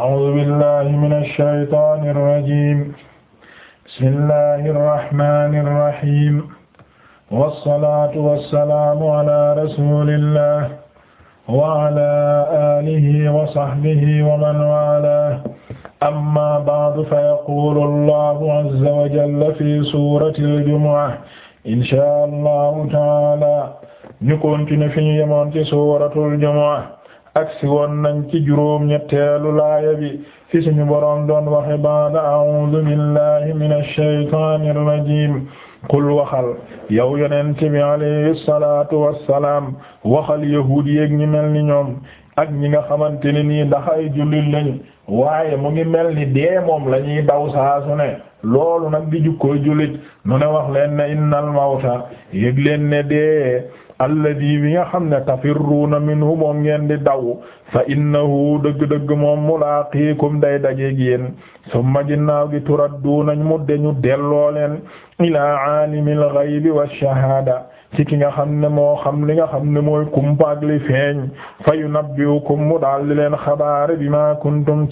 أعوذ بالله من الشيطان الرجيم بسم الله الرحمن الرحيم والصلاة والسلام على رسول الله وعلى آله وصحبه ومن والاه أما بعد فيقول الله عز وجل في سورة الجمعة إن شاء الله تعالى ñu continuer fi ñu yemoon ci suuratul Jumu'a aksi woon nañ ci juróom ñetteelu laaya bi fi suñu boroom doon waxe baada a'uudu billahi minash shaytaanir rajiim qul waxal yow yonent bi alayhi salaatu wassalaam waxal yahuud yeeg ñi mel ni ñoom ak ñi nga xamante ne nii ndax ay jullit lañu waaye mu ngi mel ni dee moom la ñuy daw saasu ne loolu nag di jukkoo jullit nu ne wax leen ne innal mawta yëg leen ne dee alladi bi nga xam ne tafirruuna minhu moom ngeen di daw fa innahu dëgg-dëgg moom mulaaqiikum day dajeeg yéen summa ginnaaw gi turadduuna mu deñu delloo leen ilaa aalimil ghaybi wash shahaada ci ki nga xam ne moo xam li nga xam ne mooy kumpaag li feeñ fa yunabbi'ukum mu daal di leen xabaare bima kuntum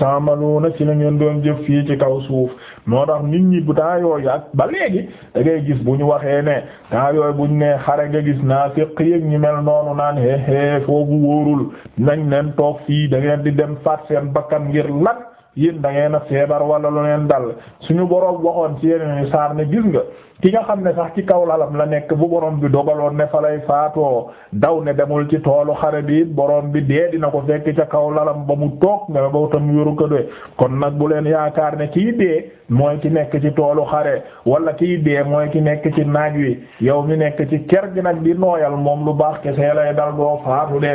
na ci la ngeen doon jëf fii ci kaw suuf moo tax nit ñi bu taa yooyu ak ba léegi da ngay gis bu ñu waxee ne taa yooyu buñ ne xare nga gis naa fiq yéeg ñi mel noonu naan hee hee foofu wóorul nañ leen toog fii da ngeen di dem faat seen bakkan ngir lan yéen da ngeen a feebar wala lu leen dal suñu boroom waxoon ci yeneen saar ne gis nga ki nga xam ne sax ci kaw lalam la nekk bu boroom bi dogaloon ne fa lay faatoo daw ne demul ci toolu xare bi boroom bi dee dina ko fekk ca kaw lalam ba mu toog nga ba tam yoru ko de kon nag bu leen yaakaar ne kii dee mooy ki nekk ci toolu xare wala kii dee mooy ki nekk ci naaj wi yow mi nekk ci ker gi nag di nooyal moom lu baax kese lay dal doo faatu de.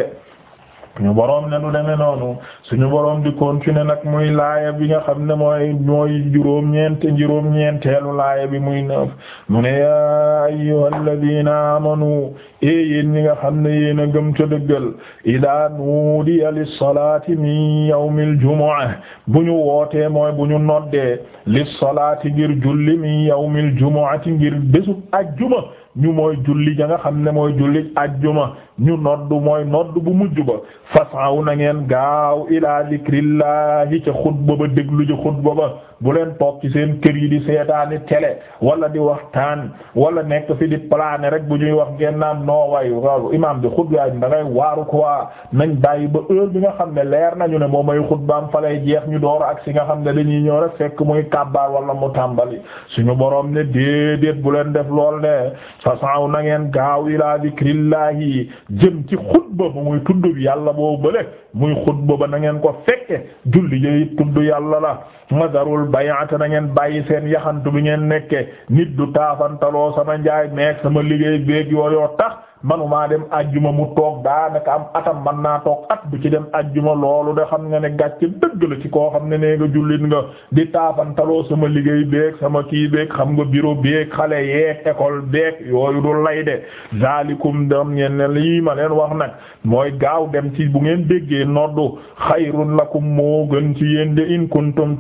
suñu boroom ne du demee noonu suñu boroom di continuer nag muy laaya bi nga xam ne mooy mooy juróom-ñeent juróom-ñeenteelu laaya bi muy neuf mu ne yaa ayyuhal ladina amanu e yéen ñi nga xam ne yéen a gëm ca dëggal idaa nuudiya lissalaati min yawmil jumu'a bu ñu wootee mooy bu ñu noddee lissalaati ngir julli min yawmil jumu'ati ngir bésu ajjuma ñu mooy julli ja nga xam ne mooy julli ajjuma ñu nodd mooy nodd bu mujj ba fasaw na ngeen gaaw ilaa zikrillahi ca xutba ba ba déglu ji xutba ba bu leen toog ci seen kër yi di seetaani télé wala di waxtaan wala nekk fi di plané rek bu ñuy wax ngeen naan noo way imaam bi xutba da ngay waaru quoi nañ bàyyi ba heure bi nga xam ne leer nañu ne moom mooy baam fa lay jeex ñu door ak si nga xam ne dañuy ñoo rek fekk muy kàbbaar wala mu tàmbali suñu borom ne déedéet bu leen def lool ne façon na ngeen gaaw ilaa zikrillahi jëm ci xutba bu muy tudd bi yàlla boobu bële muy xutba ba na ngeen ko fekke julli yëpp tudd yàlla la mazarul bay'ata na ngeen bàyyi seen yaxantu bi ngeen nekke nit du taafantaloo sama njaay meek sama liggéey beeg yooyoo tax manumaa dem ajjuma mu toog daanaka am atam man naa toog at bu ci dem ajjuma loolu de xam nga ne gàcce dëgg la ci koo xam ne nee nga jullit nga di taafantaloo sama liggéey beeg sama kii beeg xam nga bureau beeg xale yeeg école beeg yooyu du lay de zalikum dam ngeen ne lii ma leen wax nag mooy gaaw dem ci bu ngeen déggee noddu xayrun lakum moo gën ci yéen de in kuntum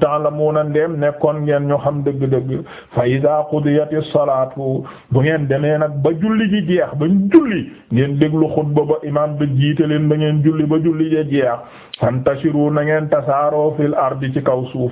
na ndem nekkoon ngeen ñu xam dëgg-dëgg fa iza qudiyati salatu bu ngeen deme nag ba julli julli ngeen déglu xutba ba imaam bi jiite leen ba ngeen julli ba julli ja jeex tantashiru na ngeen tasaaroo fil ardi ci kaw suuf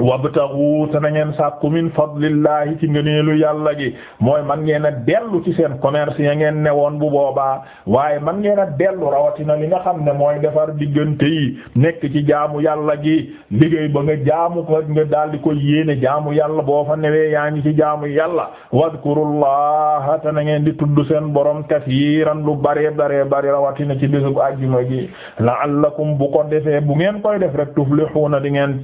wabtaxu te na ngeen sàkku min fadlillahi ci ngëneelu yàlla gi mooy man ngeen a dellu ci seen commerce ya ngeen newoon bu booba waaye man ngeen a dellu rawatina li nga xam ne mooy defar diggante yi nekk ci jaamu yàlla gi liggéey ba nga jaamu ko nga daal di ko yéene jaamu yàlla boo fa newee yaa ngi ci jaamu yàlla wadkurullaha te na ngeen di tudd seen borom kasiiran lu bare bare bare rawatina ci bésub àjjuma gi la'allakum bu ko defee bu ngeen koy def rek tuflihuna di ngeen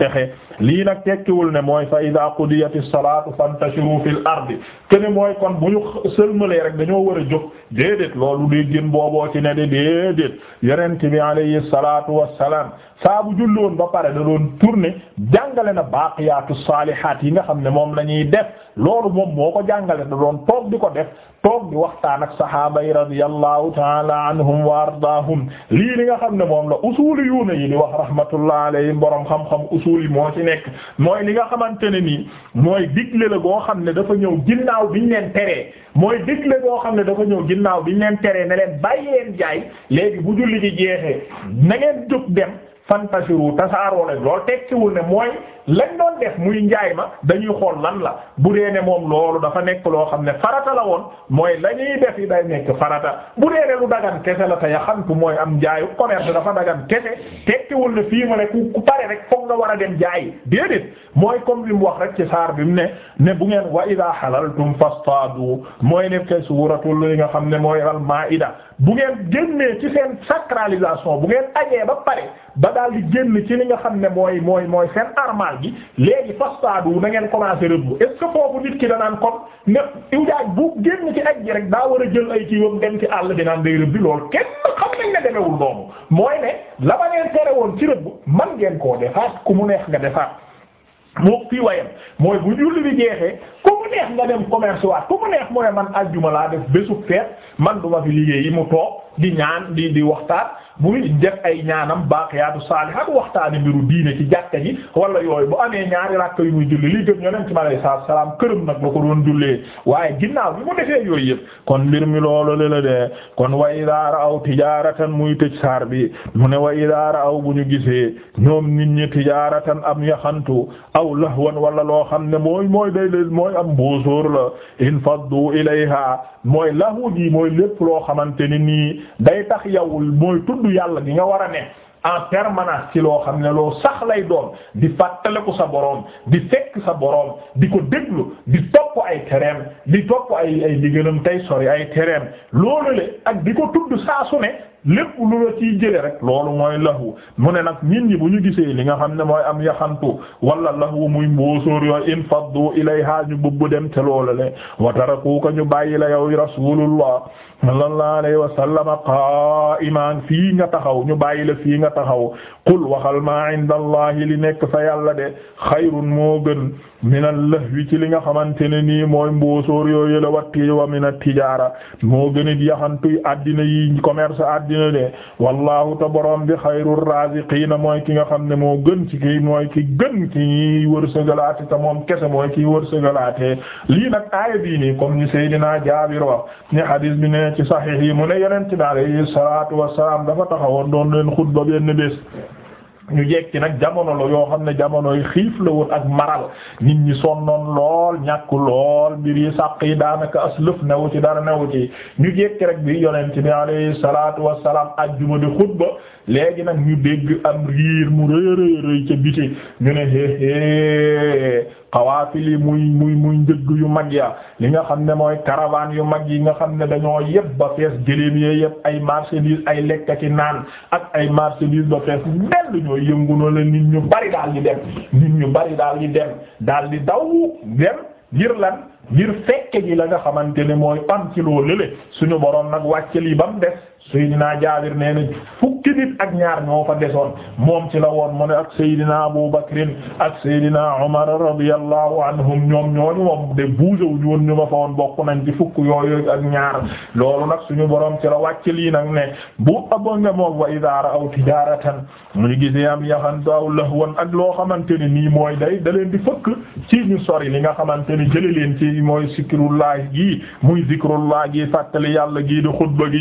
nag tekkiwul ne mooy fa ida qudiyati salaatu fantashiru fil ardi te ne mooy kon bu ñu sëlmalee rek dañoo war a jóg déedéet loolu déggin booboo ci ne de déedéet yonent bi alayhi salaatu wassalaam saabu bu julloon ba pare da doon tourné jàngale na baaqiyaatu saalihaat yi nga xam ne moom la ñuy def loolu moom moo ko jàngale da doon toog di ko def toog di waxtaan ak sahaaba yi radiyallahu taala anhum wa ardaahum lii li nga xam ne moom la yu ne yi di wax rahmatullah alayhim boroom xam-xam usul moo ci nekk mooy li nga xamante ne nii mooy digle la goo xam ne dafa ñëw ginnaaw bi ñu leen teree mooy digle goo xam ne dafa ñëw ginnaaw biñ leen teree ne leen bàyyi leen jaay léegi bu julli ji jeexee na ngeen jóg dem fantashiru tasaaroo leen loolu tekkiwul ne mooy lañ doon def muy njaay ma dañuy xool lan la bu dee ne moom loolu dafa nekk loo xam ne farata la woon mooy la ñuy def yi day nekk farata bu dee ne lu dagan kese la a xam yaxantu mooy am njaayu commerce dafa dagan kese tekkiwul ne fii ma ne ku ku pare rek foog nga war a dem jaayi déedéet mooy comme li mu wax rek ci saar bi mu ne ne bu ngeen wa idaa halaltum fastaadu mooy ne ke suuratul yi nga xam ne mooy al maa'ida bu ngeen génnee ci seen sacralisation bu ngeen ajee ba pare daal di génn ci li nga xam ne mooy mooy mooy seen armal gi léegi fastaadu na ngeen commencé rëbb bu ce foofu nit ki danaan kon ne iwjaaj bu génn ci daa war a jël ay kii wam dem ci àll bi naan day rëbbi loolu kenn xam nañ ne demewul noonu mooy ne la ma ngeen tere woon ci rëbb man ngeen koo defaat ku mu neex nga defaat moo fii wayam mooy bu julli bi jeexee ku mu neex nga dem commerce waat ku mu neex mu man ajjuma laa def bésu feet man duma fi liggéey yi mu toog di ñaan di di waxtaan muy def ay ñaanam baaqiyaatu saalihaat waxtaane mbiru diine ci jàkka ji wala yooyu bu amee ñaari rakk yu muy julli li gën yonent mi alayhi salaatu salaam këram nag la ko doon jullee waaye ginnaaw bi mu defee yooyu yëpp kon mbir mi loolu la de kon wa idaa ra'aw tijaaratan muy tëj saar bi mu ne wa idaa ra'aw bu ñu gisee ñoom nit ñi tijaaratan am yaxantu aw lahwan wala loo xam ne mooy mooy day mooy am buusóor la infaddu ilayha mooy lahu ji mooy lépp loo xamante ni nii day tax tudd yàlla gi nga war a ne en permanence ci loo xam ne loo sax lay doon di ko sa boroom di fekk sa boroom di ko déglu di topp ay tereem di topp ay ay ndigalam tey sori ay tereem loolu le ak di ko tudd saa ne lépp lu la ciy jële rek loolu mooy lahu mu ne nag nit bu ñu gisee li nga xam ne mooy am yaxantu walla lahu muy mbóosóor yooyu in faddu ilayha ñu bubbu dem te loolu le wa tarakuuka ñu bàyyi la yow rasulullah sallallahu alayhi wa sallam qa'iman fii nga taxaw ñu bàyyi la taxaw qul waxal maa inda allahi li nekk fa yàlla de xayrun moo gën minal lahwi ci li nga xamante ne nii mooy mboosóor yooyu la watti wa mina tijaara moo gën a yaxantuy addina yi commerce addina de wallahu te borom bi xayru raziqiina mooy ki nga xam ne moo gën ci ki mooy ki gën ci ñiy wërsëgalaate te moom kese mooy ki wërsëgalaate lii nag aaya bii nii comme ni Seydina Jaabir wax ni hadis bi ne ci saxiix yi mu ne yonent bi alayhi salaatu wassalaam dafa taxawoon doon leen xutba benn bés ñu jekki nag jamono la yoo xam ne jamonoy xiif la woon ak maral nit ñi sonnoon lool ñàkk lool mbir yi sàq yi daanaka as lëf newu ci dara newu ci ñu jekki rek bi yonent bi alayhi salaatu wassalaam ajjuma di xutba léegi nag ñu dégg am riir mu rëy rëy ca biti ñu ne héehée xawaafil yi muy muy muy njëgg yu mag ya li nga xam ne mooy caravane yu mag yi nga xam ne dañoo yëpp ba fees gëléem yee yëpp ay marchandises ay lekk ak naan ak ay marchandises ba fees mel ñooy yëngunoo la nit ñu bari daal di dem nit ñu bari daal di dem daal di daw dem ngir lan ngir fekke gi la nga xamante ne mooy am ci loo lële suñu boroom nag wàcce lii ba mu des Seydina Jaabir nee na fukki nit ak ñaar ñoo fa desoon moom ci la woon mu ne ak Seydina Abu Bakrin ak Seydina Umar radiyallahu anhum ñoom ñoo moom de bougé wuñu woon ñu ma fa woon bokk nañ ci fukk yooyu ak ñaar loolu nag suñu borom ci la wàcc lii nag ne bu ëppoon nga moom wa idaa ra'aw tijaaratan mu ngi gisee am yaxantu aw lahwan ak loo xamante ne nii mooy day da leen di fëkk ci ñu sori li nga xamante ne jëlee leen ci mooy zikrullah gi muy zikrullah gi yàlla gi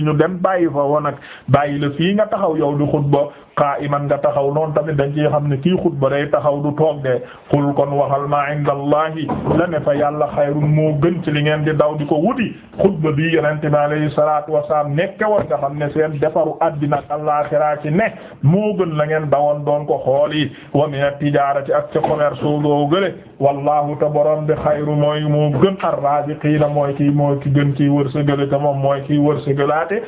ñu dem bàyyi fa woon nag bàyyi la fii nga taxaw yow di xutba qa'iman nga taxaw noonu tamit dañ ci xam ne kii xutba day taxaw du toog de xul kon waxal ma indallahi la ne fa yàlla xayrun moo gën ci li ngeen di daw di ko wuti xutba bi yonente bi alayhi salaatu wasalaam nekke woon nga xam ne seen defaru addina ak àllaxira ci ne moo gën la ngeen dawoon doon ko xool yi wa min at-tijaarati ak ca commerce doo gële wallahu te borom bi xayru mooy moo gën ar-raaziqiina mooy ki mooy ki gën ci wërsëgale te moom mooy ki wërsëgalaate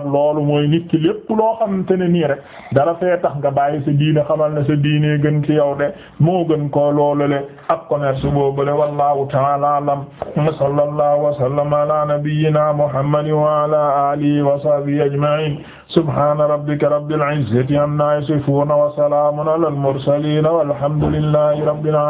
nag loolu mooy nit ki lépp loo xamante ne nii rek dara fee tax nga bàyyi sa diine xamal na sa diine gën ci yow de moo gën ko loolale ak commerce boobule wallahu ta'ala alam sallallahu wa sallama ala nabiyyina muhammadin wa ala alihi wa sahbihi ajma'in subhana rabbika rabbil izzati amma yasifun wa salamun ala al mursalin walhamdulillahi rabbil alamin